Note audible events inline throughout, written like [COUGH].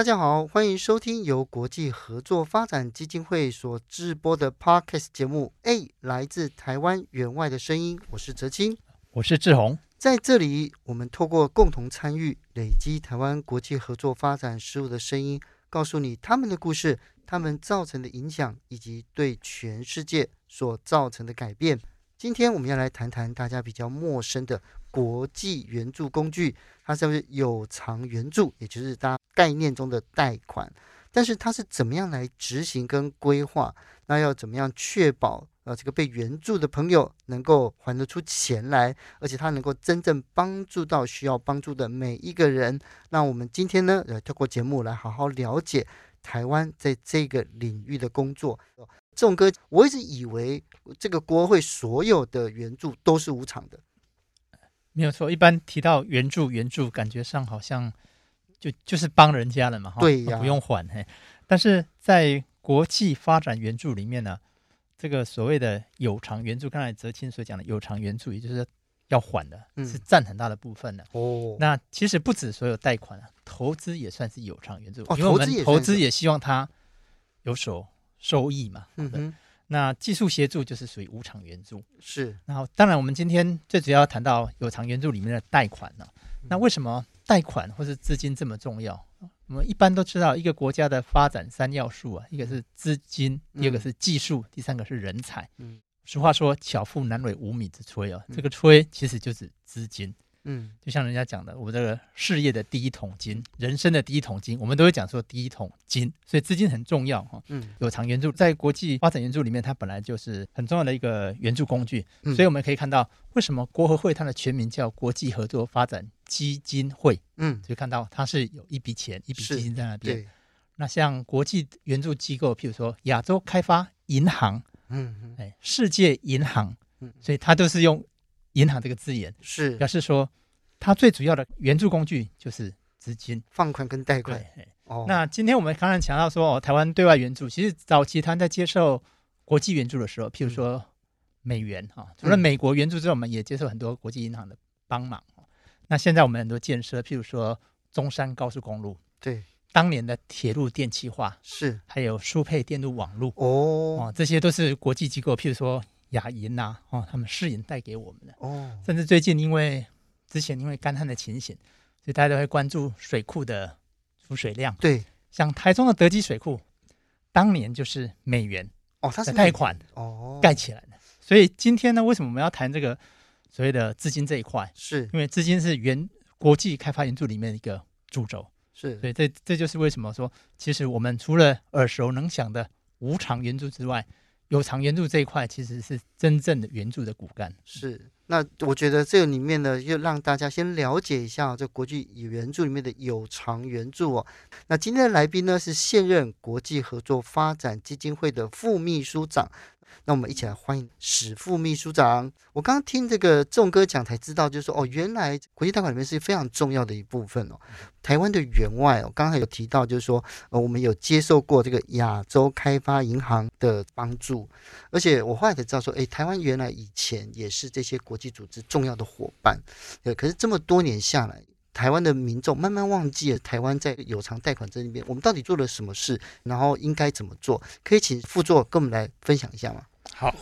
大家好，歡迎收聽由國際合作發展基金會所製播的 Podcast 節目，A 來自台灣援外的聲音，我是哲青，我是志宏。在這裡，我們透過共同參與，累積台灣國際合作發展事務的聲音，告訴你他們的故事，他們造成的影響，以及對全世界所造成的改變。今天，我們要來談談大家比較陌生的，國際援助工具，它是不是有償援助，也就是大家概念中的貸款？但是它是怎麼樣來執行跟規劃？那要怎麼樣確保啊，這個被援助的朋友能夠還得出錢來，而且他能夠真正幫助到需要幫助的每一個人？那我們今天呢，要透過節目來好好了解台灣在這個領域的工作。這種歌，我一直以為這個國合會所有的援助都是無償的。沒有錯，一般提到援助，援助感覺上好像就就是幫人家了嘛，哈，對、哦、不用還嘿。但是在國際發展援助裡面呢，這個所謂的有償援助，剛才哲青所講的有償援助，也就是要還的、嗯，是佔很大的部分的。哦，那其實不止所有貸款啊，投資也算是有償援助，哦、投資因為我們投資也希望它有所收益嘛，嗯。那技術協助就是屬於無償援助，是。然後，當然我們今天最主要談到有償援助裡面的貸款啊，那為什麼貸款或是資金這麼重要？我們一般都知道一個國家的發展三要素啊，一個是資金，第二個是技術，第三個是人才。俗、嗯、話說巧婦難為無米之炊啊，這個“炊”其實就是資金。嗯，就像人家講的，我們這個事業的第一桶金，人生的第一桶金，我們都會講說第一桶金，所以資金很重要哈。嗯、哦，有償援助在國際發展援助裡面，它本來就是很重要的一個援助工具、嗯。所以我們可以看到為什麼國合會它的全名叫國際合作發展基金會。嗯，就看到它是有一筆錢，一筆資金在那邊，對。那像國際援助機構，譬如說亞洲開發銀行，嗯，嗯哎，世界銀行，嗯，所以它都是用。銀行這個字眼是表示說，它最主要的援助工具就是資金放款跟貸款。哦，那今天我們剛才強調說，哦、台灣對外援助其實早期它在接受國際援助的時候，譬如說美元哈、嗯，除了美國援助之外，我們也接受很多國際銀行的幫忙、嗯。那現在我們很多建設，譬如說中山高速公路，對，當年的鐵路電氣化是，還有輸配電路網絡哦，哦，這些都是國際機構，譬如說。雅銀吶、啊，哦，他們事業帶給我們的哦，甚至最近因為之前因為乾旱的情形，所以大家都會關注水庫的儲水量。對，像台中的德基水庫，當年就是美元哦，它是貸款哦蓋起來的。所以今天呢，為什麼我們要談這個所謂的資金這一塊？是，因為資金是原國際開發援助裡面的一個主軸，是，所以這這就是為什麼說，其實我們除了耳熟能詳的無償援助之外。有償援助，這一塊其實是真正的援助的骨幹。是，那我覺得這裡面呢，要讓大家先了解一下，這國際援助裡面的有償援助哦。那今天的來賓呢，是現任國際合作發展基金會的副秘書長。那我們一起來歡迎史副秘書長。我剛剛聽這個仲哥講，才知道，就是說，哦，原來國際貸款裡面是非常重要的一部分哦。台灣的援外，哦，剛才有提到，就是說，呃，我們有接受過這個亞洲開發銀行的幫助，而且我後來才知道說，誒、哎，台灣原來以前也是這些國際組織重要的夥伴，對。可是這麼多年下來，台灣的民眾慢慢忘記了台灣在有償貸款這裡面，我們到底做了什麼事？然後應該怎麼做？可以請副座跟我們來分享一下嗎？好，啊、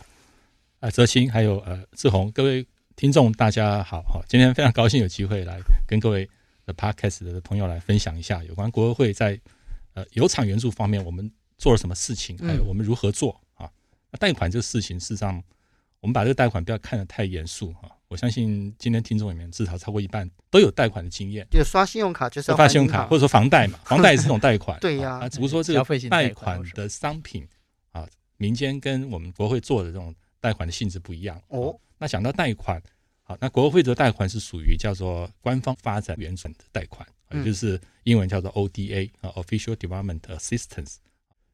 呃，哲青，還有呃，志宏，各位聽眾大家好哈，今天非常高興有機會來跟各位的 Podcast 的朋友來分享一下有關國會在呃有償援助方面我們做了什麼事情，還有我們如何做、嗯、啊？貸款這個事情，事實上我們把這個貸款不要看得太嚴肅哈。啊我相信今天聽眾裡面至少超過一半都有貸款的經驗，就是、刷信用卡就是刷信用卡，或者說房貸嘛， [LAUGHS] 房貸也是這種貸款。 [LAUGHS] 對呀、啊，只不過這個貸款的商品的啊，民間跟我們國會做的這種貸款的性質不一樣。哦，啊、那講到貸款，好、啊，那國會的貸款是屬於叫做官方發展援助的貸款，也、啊、就是英文叫做 ODA、嗯、啊，Official Development Assistance。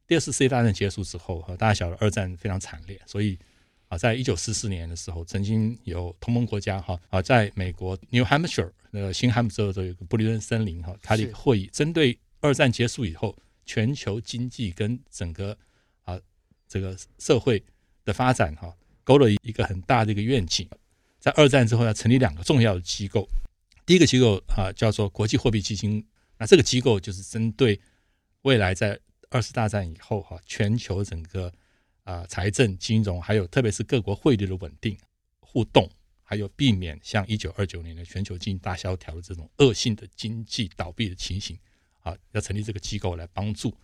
第二次世界大戰結束之後，和、啊、大家曉得二戰非常慘烈，所以。在一九四四年的時候，曾經有同盟國家哈啊，在美國 New Hampshire 那個新罕布什爾州有個布雷頓森林哈，它的會議針對二戰結束以後全球經濟跟整個啊這個社會的發展哈、啊，勾勒一個很大的一個願景。在二戰之後，要成立兩個重要的機構，第一個機構啊叫做國際貨幣基金，那這個機構就是針對未來在二次大戰以後哈、啊，全球整個。啊，財政、金融，還有特別是各國匯率的穩定互動，還有避免像一九二九年的全球經濟大蕭條的這種惡性的經濟倒閉的情形啊，要成立這個機構來幫助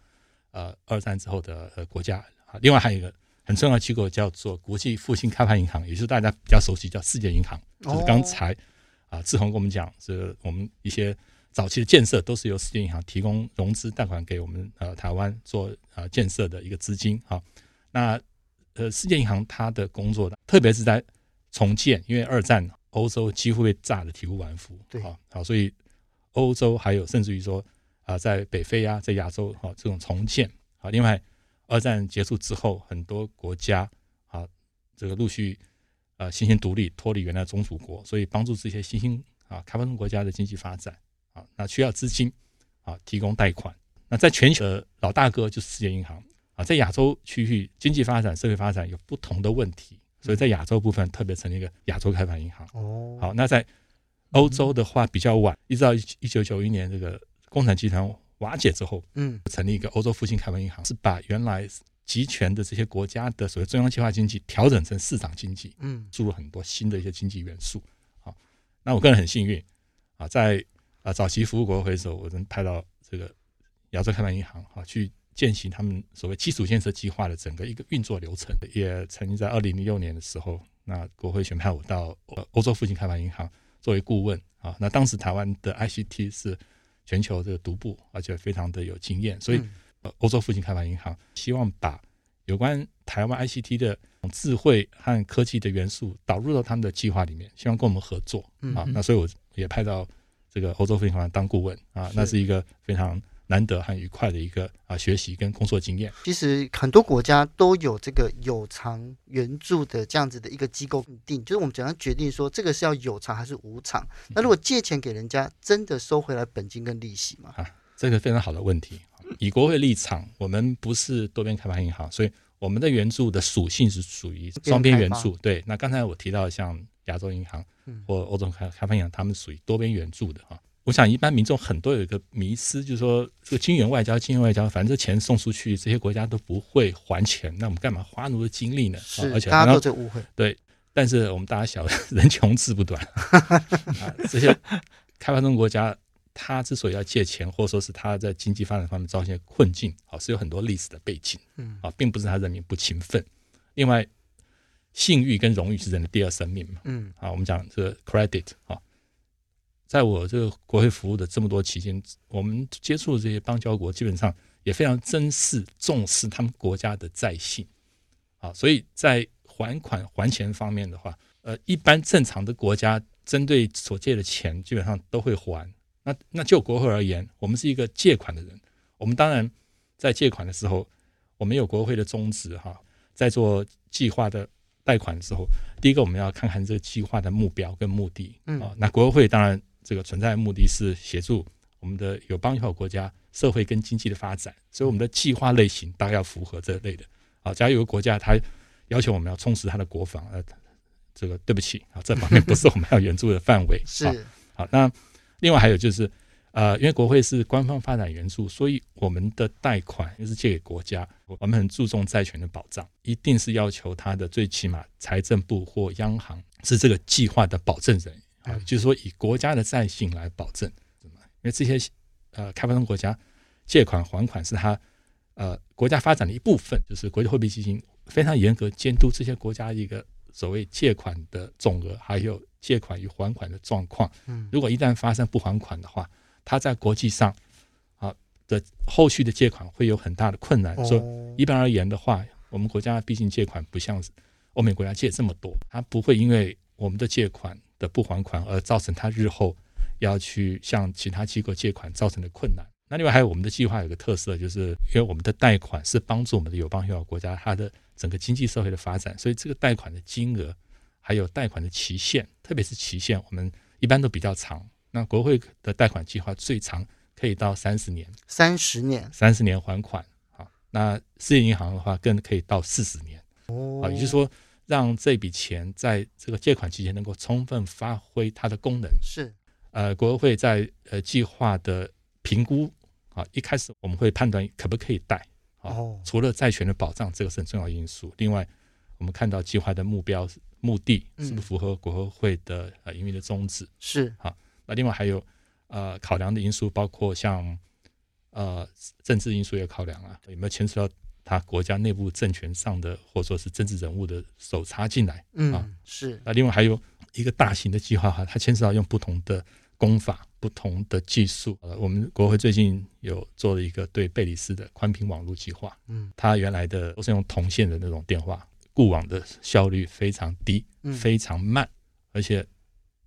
呃、啊、二戰之後的國家啊。另外還有一個很重要的機構叫做國際復興開發銀行，也就是大家比較熟悉叫世界銀行。就是剛才啊，志宏跟我們講，這、就是、我們一些早期的建設都是由世界銀行提供融資貸款給我們呃、啊、台灣做呃、啊、建設的一個資金哈。啊那，呃，世界銀行它的工作呢，特別是在重建，因為二戰歐洲幾乎被炸得體無完膚，對，好、啊，所以歐洲還有甚至於說啊，在北非啊，在亞洲哈、啊、這種重建，啊，另外二戰結束之後，很多國家啊這個陸續啊新興獨立脫離原來宗主國，所以幫助這些新興啊開發中國家的經濟發展啊，那需要資金啊提供貸款，那在全球的老大哥就是世界銀行。啊，在亞洲區域經濟發展、社會發展有不同的問題，所以在亞洲部分特別成立一個亞洲開發銀行。哦，好，那在歐洲的話比較晚，一直到一九九一年這個共產集團瓦解之後，嗯，成立一個歐洲復興開發銀行，是把原來集權的這些國家的所謂中央計劃經濟調整成市場經濟，嗯，注入很多新的一些經濟元素。好，那我個人很幸運，啊，在啊早期服務國合會的時候，我曾派到這個亞洲開發銀行啊去。踐行他們所謂基礎建設計劃的整個一個運作流程，也曾經在二零零六年的時候，那國會選派我到呃歐洲復興開發銀行作為顧問啊。那當時台灣的 ICT 是全球這個獨步，而且非常的有經驗，所以呃歐洲復興開發銀行希望把有關台灣 ICT 的智慧和科技的元素導入到他們的計劃裡面，希望跟我們合作啊。那所以我也派到這個歐洲復興開發銀行當顧問啊，那是一個非常難得和愉快的一個啊學習跟工作經驗。其實很多國家都有這個有償援助的這樣子的一個機構定，定就是我們怎樣決定說這個是要有償還是無償？那如果借錢給人家，真的收回來本金跟利息嗎？啊，這個非常好的問題。以國合會立場，我們不是多邊開發銀行，所以我們的援助的屬性是屬於雙邊援助。對，那剛才我提到像亞洲銀行或歐洲開開發銀行，他們屬於多邊援助的哈。我想，一般民眾很多有一個迷思，就是說，這個金援外交、金援外交，反正這錢送出去，這些國家都不會還錢，那我們幹嘛花那麼多精力呢？哦、而且大家都就誤會。對，但是我們大家曉得，人窮志不短、 [LAUGHS] 啊，這些開發中國家，他之所以要借錢，或者說是他在經濟發展方面造一些困境，啊、哦，是有很多歷史的背景，啊、哦，並不是他人民不勤奮、嗯。另外，信譽跟榮譽是人的第二生命嘛，嗯，啊，我們講這個 credit 啊、哦。在我這個國合會服務的這麼多期間，我們接觸的這些邦交國，基本上也非常珍視、重視他們國家的債信，啊，所以在還款還錢方面的話，呃，一般正常的國家針對所借的錢，基本上都會還。那那就國合會而言，我們是一個借款的人，我們當然在借款的時候，我們有國合會的宗旨，哈、啊，在做計劃的貸款的時候，第一個我們要看看這個計劃的目標跟目的，啊，那國合會當然。這個存在的目的是協助我們的友邦友好國家社會跟經濟的發展，所以我們的計劃類型大概要符合這類的。好，假如有個國家它要求我們要充實它的國防，呃，這個對不起，啊，這方面不是我們要援助的範圍。 [LAUGHS] 是、啊，好，那另外還有就是，呃，因為國合會是官方發展援助，所以我們的貸款又是借給國家，我們很注重債權的保障，一定是要求它的最起碼財政部或央行是這個計劃的保證人。啊，就是說以國家的債信來保證，因為這些呃，開發中國家借款還款是他呃國家發展的一部分，就是國際貨幣基金非常嚴格監督這些國家一個所謂借款的總額，還有借款與還款的狀況。如果一旦發生不還款的話，他在國際上啊、呃、的後續的借款會有很大的困難。所以一般而言的話，我們國家畢竟借款不像歐美國家借這麼多，他不會因為我們的借款的不還款而造成他日後要去向其他機構借款，造成的困難。那另外還有我們的計劃有個特色，就是因為我們的貸款是幫助我們的友邦友好國家，它的整個經濟社會的發展，所以這個貸款的金額還有貸款的期限，特別是期限，我們一般都比較長。那國合會的貸款計劃最長可以到三十年，三十年，三十年還款。好，那世界銀行的話更可以到四十年。哦，也就是說。讓這筆錢在這個借款期間能夠充分發揮它的功能。是，呃，國合會在呃計劃的評估啊，一開始我們會判斷可不可以貸啊。哦。除了債權的保障，這個是很重要因素。另外，我們看到計劃的目標、目的，是不符合國合會的、嗯、呃營運的宗旨。是。啊，那另外還有呃考量的因素，包括像呃政治因素也考量啊，有沒有牽涉到？他國家內部政權上的，或者說是政治人物的手插進來，嗯，啊，是。那另外還有一個大型的計劃哈，它牽涉到用不同的工法、不同的技術。呃，我們國合會最近有做了一個對貝里斯的寬頻網絡計劃。嗯，它原來的都是用銅線的那種電話固網的效率非常低，非常慢，而且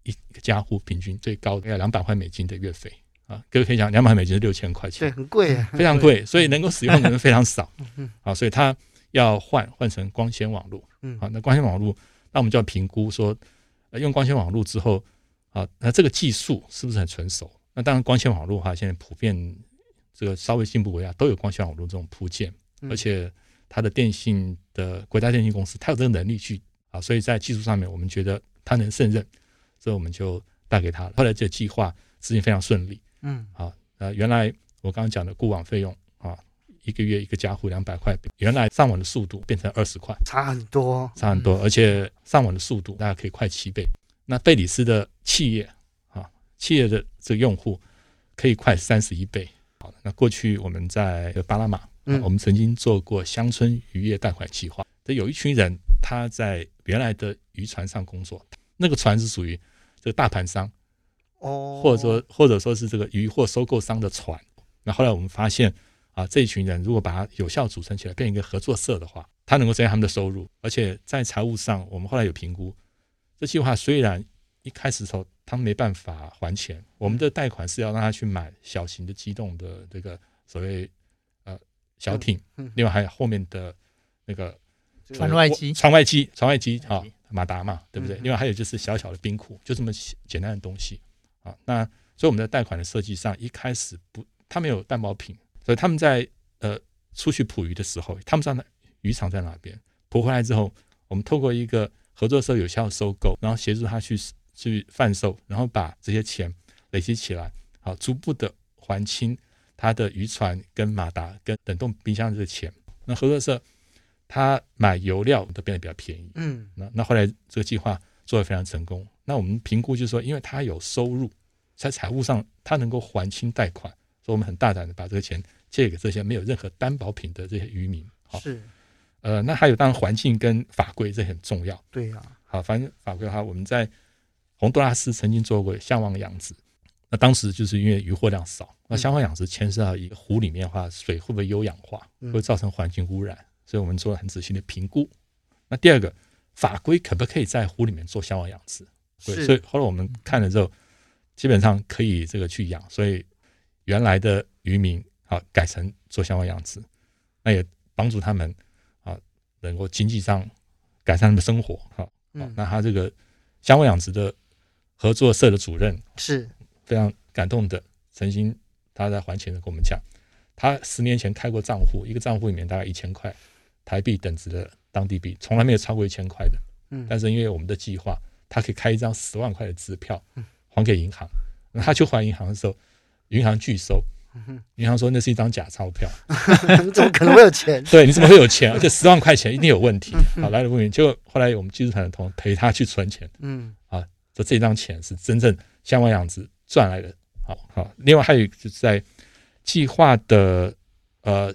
一個家戶平均最高要兩百塊美金的月費。啊，各位可以講，兩百美金是六千塊錢，對，很貴啊，非常貴，所以能夠使用的人非常少。 [LAUGHS] 啊，所以它要換換成光纖網絡。啊，那光纖網絡，那我們就要評估說，呃，用光纖網絡之後，啊，那這個技術是不是很成熟？那當然，光纖網絡的話，現在普遍這個稍微進步為啊，都有光纖網絡這種鋪建，而且它的電信的國家電信公司，它有這個能力去啊，所以在技術上面，我們覺得它能勝任，所以我們就貸給他。後來這個計劃執行非常順利。嗯、啊，好，呃，原來我剛剛講的固網費用啊，一個月一個家戶兩百塊，原來上網的速度變成二十塊，差很多，差、嗯、很多，而且上網的速度大概可以快七倍。那貝里斯的企業啊，企業的這個用戶可以快三十一倍。好，那過去我們在巴拿馬、嗯啊，我們曾經做過鄉村漁業貸款計劃，這有一群人他在原來的漁船上工作，那個船是屬於這個大盤商。或者說，或者說是這個漁獲收購商的船。那後來我們發現，啊，這一群人如果把它有效組成起來，變成一個合作社的話，他能夠增加他們的收入，而且在財務上，我們後來有評估，這計劃雖然一開始的時候他們沒辦法還錢，我們的貸款是要讓他去買小型的機動的這個所謂呃小艇，另外還有後面的那個船外機、船外機、船外機啊，馬達嘛，對不對？另外還有就是小小的冰庫，就這麼簡單的東西。啊，那所以我們在貸款的設計上，一開始不，他沒有擔保品，所以他們在呃出去捕魚的時候，他們知道那漁場在哪邊，捕回來之後，我們透過一個合作社有效的收購，然後協助他去去販售，然後把這些錢累積起來，好逐步的還清他的漁船跟馬達跟冷凍冰箱的這個錢。那合作社他買油料都變得比較便宜，嗯，那那後來這個計劃做得非常成功。那我們評估就是說，因為它有收入，在財務上它能夠還清貸款，所以我們很大膽的把這個錢借給這些沒有任何擔保品的這些漁民。是。呃，那還有當然環境跟法規這很重要。對呀。好，反正法規的話我們在洪都拉斯曾經做過箱網養殖，那當時就是因為漁獲量少，那箱網養殖牽涉到一個湖裡面的話，水會不會優養化，會造成環境污染，所以我們做了很仔細的評估。那第二個法規可不可以在湖裡面做箱網養殖？對，所以後來我們看了之後，基本上可以這個去養，所以原來的漁民啊改成做箱網養殖，那也幫助他們啊能夠經濟上改善他們的生活哈、啊啊。啊啊啊、那他這個箱網養殖的合作社的主任是非常感動的，曾經他在還錢的跟我們講，他十年前開過賬戶，一個賬戶裡面大概一千塊台幣等值的當地幣，從來沒有超過一千塊的。但是因為我們的計劃。他可以開一張十萬塊的支票，還給銀行。那他去還銀行的時候，銀行拒收。銀行說那是一張假鈔票，嗯、 [LAUGHS] 你怎麼可能會有錢？對，你怎麼會有錢、啊？而且十萬塊錢一定有問題。啊，來路不明。就、嗯、後來我們技術團的同事陪他去存錢。嗯，啊，說這張錢是真正像我這樣子賺來的。好、啊、好、啊，另外還有就是在計劃的呃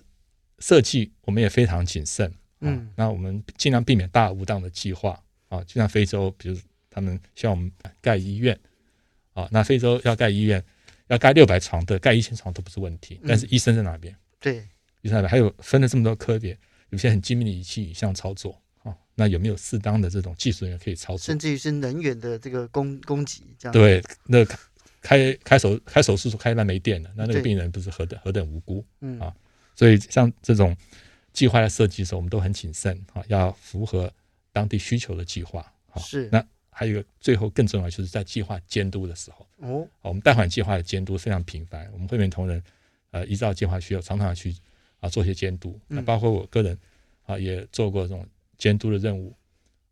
設計，我們也非常謹慎。啊、嗯、啊，那我們儘量避免大無當的計劃。啊，就像非洲，比如。他們希望我們蓋醫院，啊，那非洲要蓋醫院，要蓋六百床的，蓋一千床都不是問題。嗯、但是醫生在哪邊？對，醫生在哪邊還有醫生在哪邊？還有分了這麼多科別，有些很精密的儀器，影像、操作，啊，那有沒有適當的這種技術人員可以操作？甚至於是能源的這個供供給，這樣對，那開開手開手術開一半沒電了，那那個病人不是何等何等無辜、嗯、啊！所以像這種計劃的設計的時候，我們都很謹慎，啊，要符合當地需求的計劃，啊，是那。還有一個最後更重要，就是在計劃監督的時候，我們貸款計劃的監督非常頻繁。我們惠美同仁，呃，依照計劃需要，常常去啊做些監督。那包括我個人啊，也做過這種監督的任務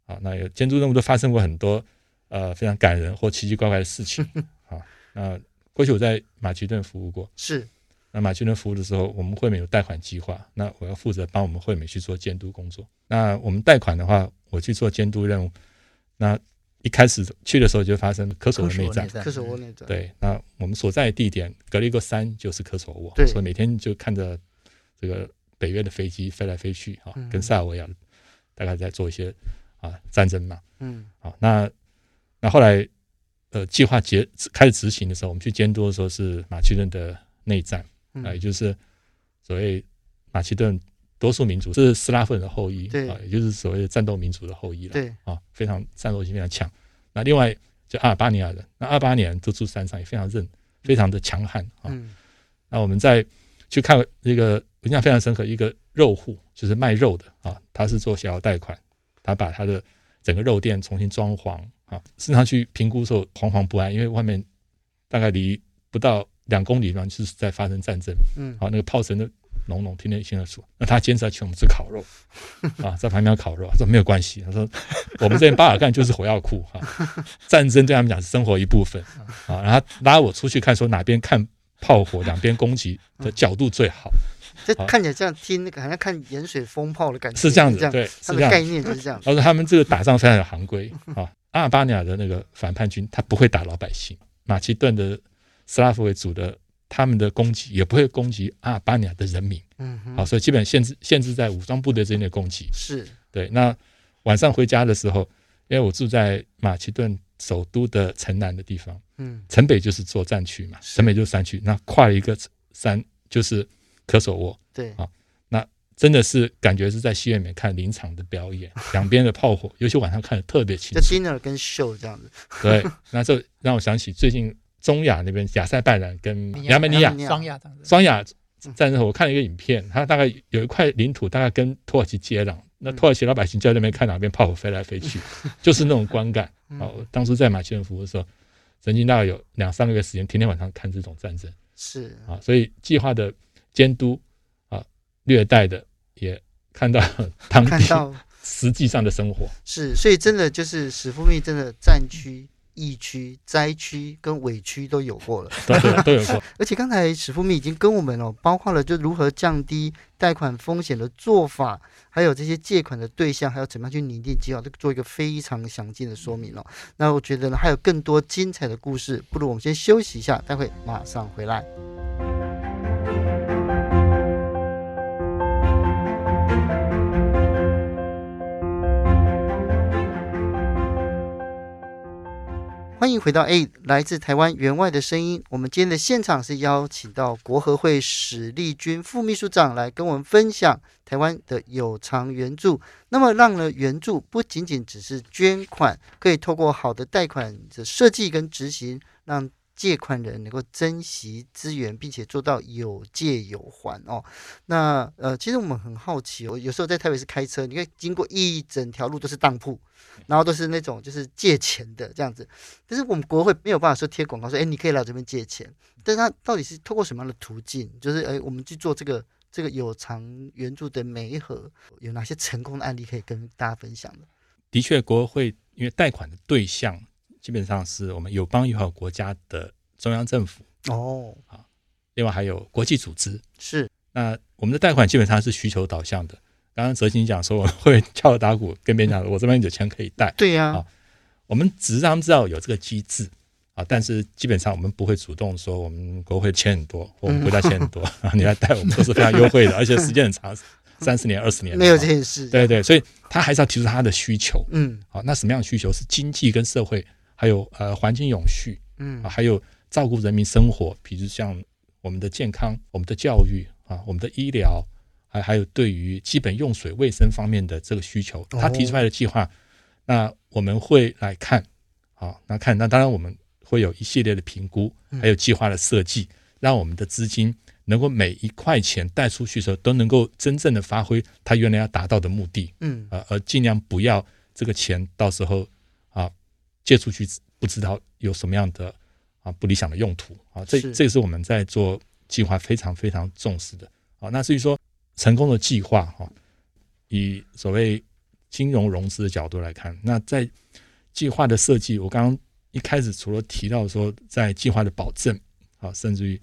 啊。那有監督任務都發生過很多呃非常感人或奇奇怪怪的事情啊。那過去我在馬其頓服務過，是那馬其頓服務的時候，我們惠美有貸款計劃，那我要負責幫我們惠美去做監督工作。那我們貸款的話，我去做監督任務，那。一開始去的時候就發生科索沃內戰，科索沃內戰，對，那我們所在的地點隔了一個山就是科索沃，所,所以每天就看着這個北約的飛機飛來飛去、啊，跟塞爾維亞大概在做一些啊戰爭嘛，嗯，好，那那後來呃計劃結開始執行的時候，我們去監督的時候是馬其頓的內戰、啊，也就是所謂馬其頓。多數民族是斯拉夫人的後裔啊，也就是所謂的戰鬥民族的後裔了啊，非常戰鬥性非常強。那另外就阿爾巴尼亞人，那阿爾巴尼亞人都住山上，也非常韌，非常的強悍啊。那、嗯啊、我們再去看一個印象非常深刻，一個肉戶，就是賣肉的啊，他是做小額貸款，他把他的整個肉店重新裝潢啊，時常去評估的時候惶惶不安，因為外面大概離不到兩公里呢，就是在發生戰爭。嗯，好、啊，那個炮聲的。濃濃聽得一清二楚，那他堅持要請我們吃烤肉 [LAUGHS] 啊，在旁邊烤肉。他說沒有關係，他說我們這邊巴爾幹就是火藥庫哈，戰爭對他們講是生活一部分 [LAUGHS] 啊。然後他拉我出去看，說哪邊看炮火，兩邊攻擊的角度最好。這、 [LAUGHS] 嗯啊、看起來像、啊、聽那個好像看鹽水蜂炮的感覺，是這樣子，是這樣對，它的概念就是這樣，是這樣、嗯啊。他說他們這個打仗非常有行規 [LAUGHS] 啊，阿爾巴尼亞的那個反叛軍他不會打老百姓，馬其頓的斯拉夫為主的。他們的攻擊也不會攻擊阿爾巴尼亞的人民，嗯哼，好、哦，所以基本限制限制在武裝部隊之間的攻擊。是，對。那晚上回家的時候，因為我住在馬其頓首都的城南的地方，嗯，城北就是作戰區嘛，城北就是山區，那跨了一個山就是科索沃，對，啊、哦，那真的是感覺是在戲院裡面看臨場的表演，兩邊的炮火， [LAUGHS] 尤其晚上看的特別清楚，就 dinner 跟 show 這樣子。 [LAUGHS] 對，那這讓我想起最近。中亞那邊，亞塞拜然跟亞美尼亞，雙亞戰爭，我看了一個影片，它大概有一塊領土，大概跟土耳其接壤。那土耳其老百姓就在那邊看哪邊炮火飛來飛去，就是那種觀感。哦，當時在馬其頓服務的時候，曾經大概有兩三個月時間，天天晚上看這種戰爭。是啊，所以計劃的監督啊，略帶的也看到當地實際上的生活。是，所以真的就是史副秘真的戰區、嗯。疫區、災區跟尾區都有過了， [LAUGHS] 對,對而且剛才史副秘已經跟我們了、哦，包括了就如何降低貸款風險的做法，還有這些借款的對象，還要怎麼樣去擬定計劃，都做一個非常詳盡的說明了、哦。那我覺得呢，還有更多精彩的故事，不如我們先休息一下，待會馬上回來。歡迎回到欸，來自台灣援外的聲音。我們今天的現場是邀請到國合會史立軍副秘書長來跟我們分享台灣的有償援助。那麼讓呢，讓了援助不僅僅只是捐款，可以透過好的貸款的設計跟執行，讓。借款人能夠珍惜資源，並且做到有借有還哦。那呃，其實我們很好奇、哦，有時候在台北市開車，你可以經過一整條路都是當鋪，然後都是那種就是借錢的這樣子。但是我們國合會沒有辦法說貼廣告說、哎，誒你可以來這邊借錢。但是他到底是透過什麼樣的途徑，就是誒、哎，我們去做這個這個有償援助的媒合，有哪些成功的案例可以跟大家分享的？的確，國合會因為貸款的對象。基本上是我們友邦友好國家的中央政府哦，啊。另外還有國際組織是。那我們的貸款基本上是需求導向的。剛剛哲青講說，我會敲鑼打鼓跟別人講，我這邊有錢可以貸。對呀，我們只是讓他們知道有這個機制啊，但是基本上我們不會主動說，我們國會錢很多，我們國家錢很多啊，你來貸我們都是非常優惠的，而且時間很長，三十年、二十年。沒有這件事。對對，所以他還是要提出他的需求。嗯，好，那什麼樣的需求是經濟跟社會？還有呃，環境永續，嗯、啊，還有照顧人民生活、嗯，比如像我們的健康、我們的教育啊、我們的醫療，還、啊、還有對於基本用水衛生方面的這個需求，他提出來的計劃，哦、那我們會來看，啊，那看那當然我們會有一系列的評估，還有計劃的設計，嗯、讓我們的資金能夠每一塊錢貸出去的時候都能夠真正的發揮他原來要達到的目的，嗯，啊，而盡量不要這個錢到時候。借出去不知道有什麼樣的啊，不理想的用途啊，這這也是我們在做計劃非常非常重視的是啊。那至於說成功的計劃哈、啊，以所謂金融融資的角度來看，那在計劃的設計，我剛剛一開始除了提到說在計劃的保證啊，甚至於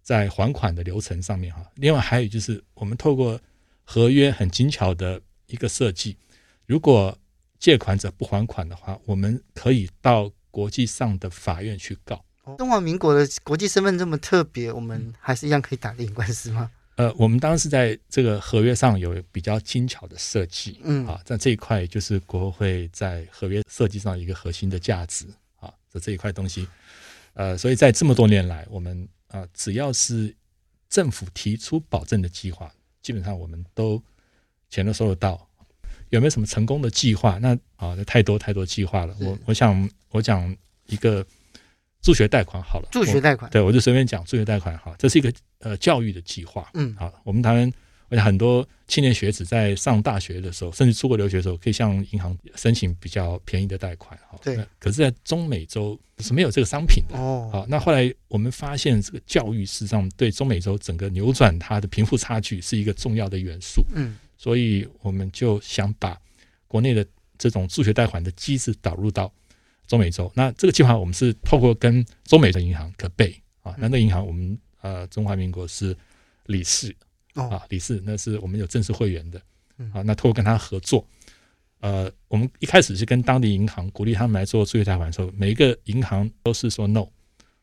在還款的流程上面哈、啊，另外還有就是我們透過合約很精巧的一個設計，如果。借款者不還款的話，我們可以到國際上的法院去告。哦、中華民國的國際身份這麼特別，我們還是一樣可以打贏官司嗎？呃，我們當時在這個合約上有比較精巧的設計，嗯啊，在這一塊就是國會在合約設計上一個核心的價值啊，就這一塊東西，呃，所以在這麼多年來，我們啊、呃，只要是政府提出保證的計劃，基本上我們都錢都收得到。有沒有什麼成功的計劃？那啊，太多太多計劃了。我我想我講一個助學貸款好了。助學貸款，我對我就隨便講助學貸款哈，這是一個呃教育的計劃。嗯，好、啊，我們台灣我想很多青年學子在上大學的時候，甚至出國留學的時候，可以向銀行申請比較便宜的貸款哈。對。可是，在中美洲是沒有這個商品的哦。好、啊，那後來我們發現，這個教育事實上對中美洲整個扭轉它的貧富差距是一個重要的元素。嗯。所以我們就想把國內的這種助學貸款的機制導入到中美洲。那這個計劃我們是透過跟中美的銀行可貝啊，那那銀行我們呃中華民國是理事、哦、啊，理事那是我們有正式會員的啊。那透過跟他合作，呃，我們一開始是跟當地銀行鼓勵他們來做助學貸款的時候，每一個銀行都是說 no。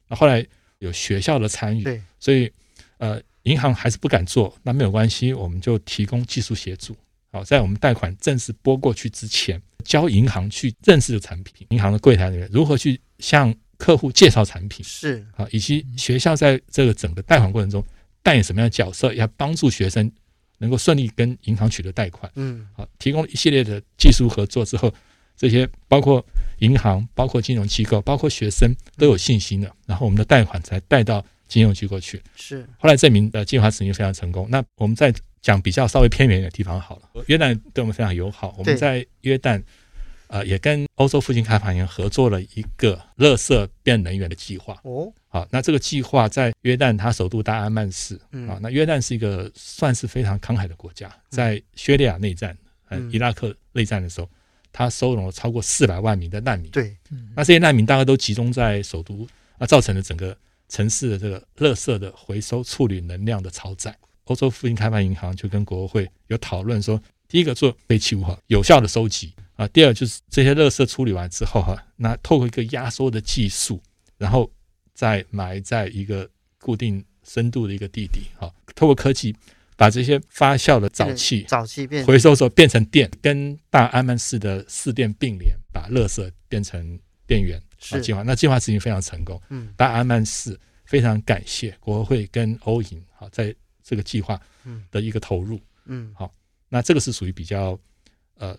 那後來有學校的參與，所以呃。銀行還是不敢做，那沒有關係，我們就提供技術協助。好，在我們貸款正式撥過去之前，教銀行去認識產品，銀行的櫃台裡面如何去向客戶介紹產品，是啊，以及學校在這個整個貸款過程中扮演什麼樣的角色，要幫助學生能夠順利跟銀行取得貸款。嗯，好，提供一系列的技術合作之後，這些包括銀行、包括金融機構、包括學生都有信心了，然後我們的貸款才貸到。金融區過去是，後來證明呃，計劃執行非常成功。那我們再講比較稍微偏遠的地方好了。約旦對我們非常友好，我們在約旦呃，也跟歐洲復興開發銀行合作了一個垃圾變能源的計劃。哦、啊，好，那這個計劃在約旦，它首都大安曼市、嗯、啊。那約旦是一個算是非常慷慨的國家，在敘利亞內戰、嗯、呃，伊拉克內戰的時候，嗯、它收容了超過四百萬名的難民。對、嗯，那這些難民大概都集中在首都啊，造成了整個。城市的這個垃圾的回收處理能量的超載，歐洲復興開發銀行就跟國合會有討論說，第一個做廢棄物哈有效的收集啊，第二就是這些垃圾處理完之後哈，那透過一個壓縮的技術，然後再埋在一個固定深度的一個地底哈，透過科技把這些發酵的沼氣、沼氣變回收時候變成電，跟大安曼市的市電併聯，把垃圾變成電源。是、哦、計劃，那計劃執行非常成功。嗯，但 M 安曼市非常感謝國合會跟歐銀，好、哦，在這個計劃的一個投入。嗯，好、嗯哦，那這個是屬於比較呃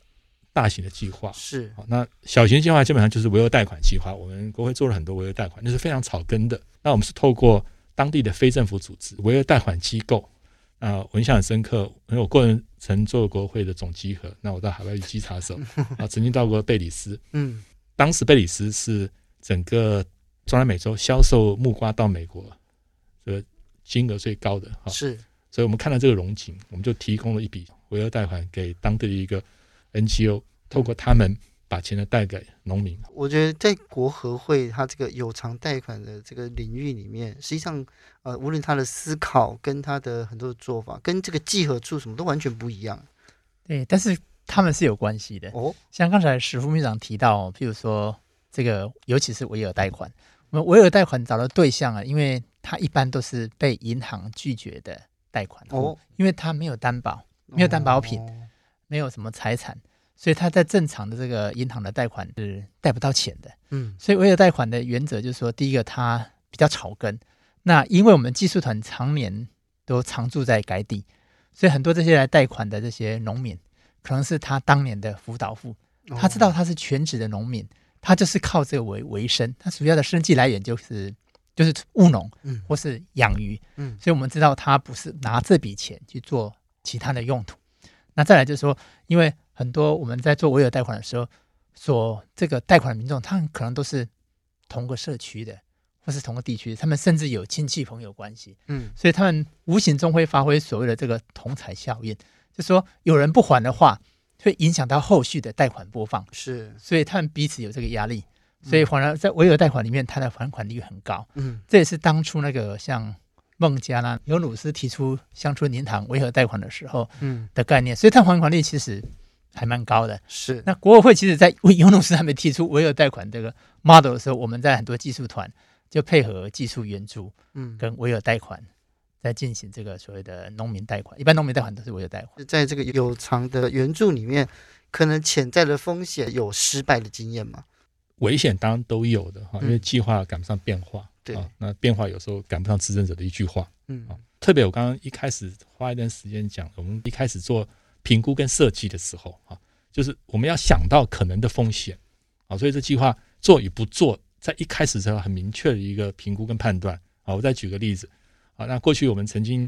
大型的計劃。是，好、哦，那小型計劃基本上就是微額貸款計劃。我們國合會做了很多微額貸款，那是非常草根的。那我們是透過當地的非政府組織微額貸款機構。啊、呃，我印象很深刻，因為我個人曾做過國合會的總稽核。那我到海外去稽查的時候，啊， [LAUGHS] 曾經到過貝里斯。嗯。當時貝里斯是整個中南美洲銷售木瓜到美國，呃、就是，金額最高的哈。是，所以我們看到這個榮景，我們就提供了一筆微額貸款給當地的一個 NGO，透過他們把錢的貸給農民。我覺得在國合會他這個有償貸款的這個領域裡面，實際上呃，無論他的思考跟他的很多做法，跟這個技合處什麼都完全不一樣。對，但是。他們是有關係的哦。像剛才史副秘書長提到，哦，比如說這個，尤其是維爾貸款，我們維爾貸款找的對象啊，因為他一般都是被銀行拒絕的貸款哦，因為他沒有擔保，沒有擔保品，沒有什麼財產，所以他在正常的這個銀行的貸款是貸不到錢的。嗯，所以維爾貸款的原則就是說，第一個他比較草根，那因為我們技術團常年都常住在該地，所以很多這些來貸款的這些農民。可能是他當年的輔導父，他知道他是全職的農民，哦、他就是靠這個維維生，他主要的生計來源就是就是務農，嗯，或是養魚嗯，嗯，所以我們知道他不是拿這筆錢去做其他的用途。那再來就是說，因為很多我們在做微有貸款的時候，所這個貸款的民眾，他們可能都是同個社區的，或是同個地區，他們甚至有親戚朋友關係，嗯，所以他們無形中會發揮所謂的這個同儕效應。說有人不還的話，會影響到後續的貸款發放。是，所以他們彼此有這個壓力。嗯、所以反而在微額貸款裡面，它的還款率很高。嗯，這也是當初那個像孟加拉尤努斯提出鄉村銀行微額貸款的時候，嗯的概念，嗯、所以它還款率其實還蠻高的。是，那國合會其實，在為尤努斯還沒提出微額貸款這個 model 的時候，我們在很多技術團就配合技術援助，嗯，跟微額貸款。在進行這個所謂的農民貸款，一般農民貸款都是違約貸款。在這個有償的援助裡面，可能潛在的風險有失敗的經驗嘛？危險當然都有的哈，因為計劃趕不上變化。嗯、對啊，那變化有時候趕不上執政者的一句話。嗯啊，特別我剛剛一開始花一段時間講，我們一開始做評估跟設計的時候啊，就是我們要想到可能的風險啊，所以這計劃做與不做，在一開始時候很明確的一個評估跟判斷啊。我再舉個例子。啊，那過去我們曾經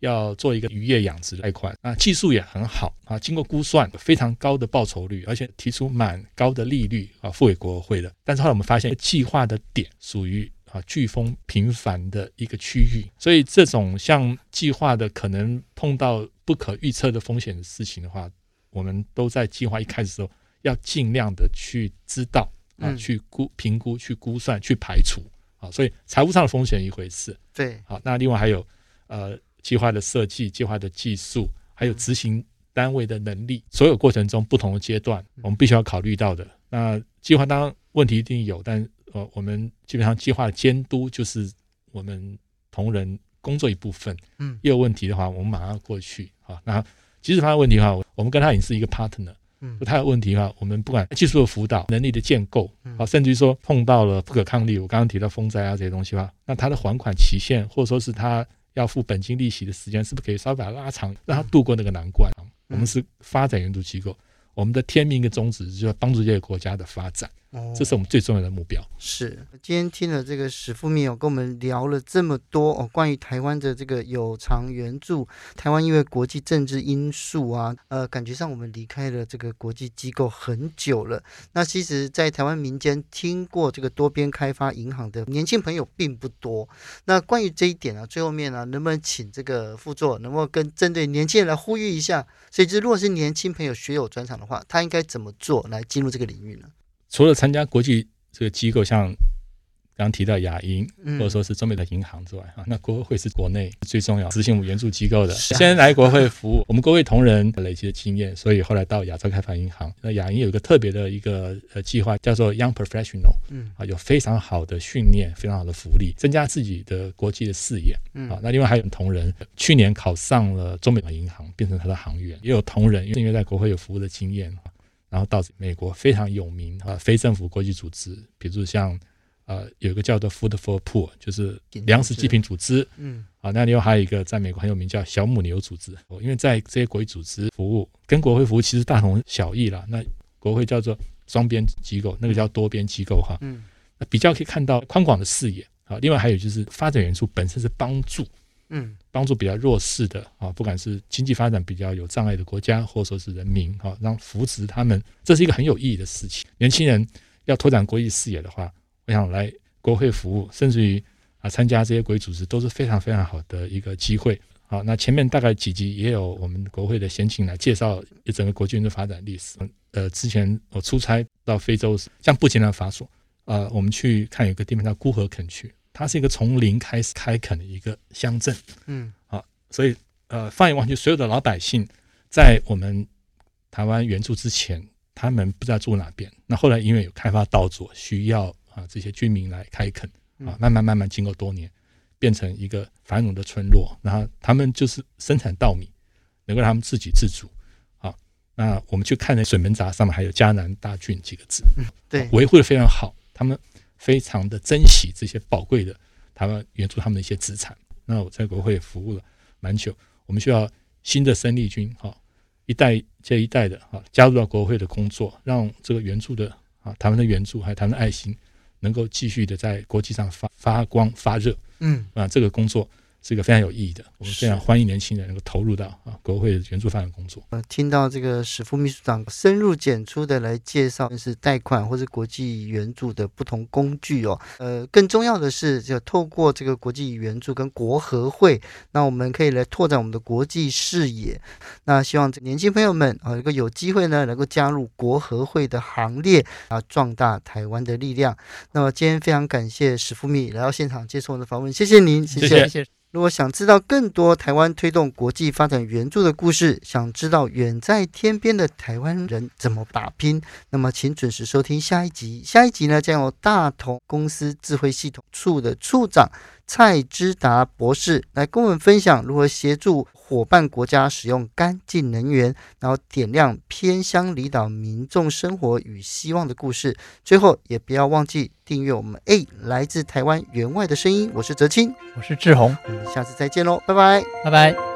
要做一個漁業養殖的貸款，啊，技術也很好啊，經過估算非常高的報酬率，而且提出蠻高的利率啊，付給國合會的。但是後來我們發現計劃的點屬於啊，颶風頻繁的一個區域，所以這種像計劃的可能碰到不可預測的風險的事情的話，我們都在計劃一開始的時候要盡量的去知道啊，去估評估、去估算、去排除。嗯好，所以財務上的風險一回事。對，好，那另外還有，呃，計劃的設計、計劃的技術，還有執行單位的能力，所有過程中不同的階段，我們必須要考慮到的。那計劃當然問題一定有，但呃，我們基本上計劃監督就是我們同仁工作一部分。嗯，一有問題的話，我們馬上過去。好，那即使發現問題的話，我們跟他也是一個 partner。他有問題的話，我們不管技術的輔導、能力的建構，好，甚至於說碰到了不可抗力，我剛剛提到風災啊這些東西吧，那他的還款期限或者說是他要付本金利息的時間，是不是可以稍微把它拉長，讓他度過那個難關，嗯。我們是發展援助機構，我們的天命跟宗旨是就是幫助這個國家的發展。這是我們最重要的目標。哦、是今天聽了這個史副秘書，跟我們聊了這麼多哦，關於台灣的這個有償援助，台灣因為國際政治因素啊，呃，感覺上我們離開了這個國際機構很久了。那其實，在台灣民間聽過這個多邊開發銀行的年輕朋友並不多。那關於這一點啊，最後面呢，啊，能不能請這個副座，能不能跟針對年輕人來呼籲一下？所以，如果是年輕朋友學有專長的話，他應該怎麼做來進入這個領域呢？除了參加國際這個機構，像剛提到亞銀或者說是中美的銀行之外啊，那國合會是國內最重要執行我們援助機構的。先來國合會服務，我們國合會同仁累積的經驗，所以後來到亞洲開發銀行。那亞銀有一個特別的一個呃計劃，叫做 Young Professional，啊，有非常好的訓練，非常好的福利，增加自己的國際的視野。啊，那另外還有同仁去年考上了中美的銀行，變成他的行員，也有同仁因為在國合會有服務的經驗，啊。然後到美國非常有名啊、呃，非政府國際組織，比如像，呃，有一個叫做 Food for Poor，就是糧食濟貧組織嗯，嗯，啊，那另外還有一個在美國很有名叫小母牛組織，因為在這些國際組織服務跟國會服務其實大同小異了。那國會叫做雙邊機構，那個叫多邊機構哈，嗯，嗯、啊，比較可以看到寬廣的視野啊。另外還有就是發展援助本身是幫助。嗯，幫助比較弱勢的啊，不管是經濟發展比較有障礙的國家，或者說是人民啊，讓扶持他們，這是一個很有意義的事情。年輕人要拓展國際視野的話，我想來國合會服務，甚至於啊，參加這些國際組織都是非常非常好的一個機會。好，那前面大概幾集也有我們國合會的先進來介紹整個國際運的發展歷史。呃，之前我出差到非洲，像布吉納法索，啊、呃，我們去看有個地方叫孤河墾區。它是一個從零開始開墾的一個鄉鎮，嗯、啊，好，所以呃，放眼望去，所有的老百姓在我們台灣援助之前，他們不知道住哪邊。那後來因為有開發稻作，需要啊這些居民來開墾，啊，慢慢慢慢經過多年，變成一個繁榮的村落。然後他們就是生產稻米，能夠讓他們自給自足。好、啊，那我們去看那水門閘上面還有嘉南大圳幾個字，嗯對、啊，對，維護的非常好，他們。非常的珍惜這些寶貴的台灣援助他們的一些資產。那我在國合會服務了蠻久，我們需要新的生力軍，哈，一代接一代的哈，加入到國合會的工作，讓這個援助的啊，台灣的援助還有台灣的愛心，能夠繼續的在國際上發發光發熱。嗯，啊，這個工作。是、這、一個非常有意義的，我們非常歡迎年輕人能夠投入到啊國合會的援助發展工作。呃，聽到這個史副秘書長深入淺出的來介紹，就是貸款或是國際援助的不同工具哦。呃，更重要的是，就透過這個國際援助跟國合會，那我們可以來拓展我們的國際視野。那希望這年輕朋友們啊，能夠有機會呢，能夠加入國合會的行列啊，壯大台灣的力量。那麼今天非常感謝史副秘來到現場接受我的訪問，謝謝您，謝謝。謝謝如果想知道更多台灣推動國際發展援助的故事，想知道遠在天邊的台灣人怎麼打拼，那麼請準時收聽下一集。下一集呢，將由大同公司智慧系統處的處長蔡之達博士來跟我們分享如何協助。夥伴國家使用乾淨能源，然後點亮偏鄉離島民眾生活與希望的故事。最後，也不要忘記訂閱我們。哎，來自台灣援外的聲音，我是哲青，我是志宏，我、嗯、們下次再見嘍，拜拜，拜拜。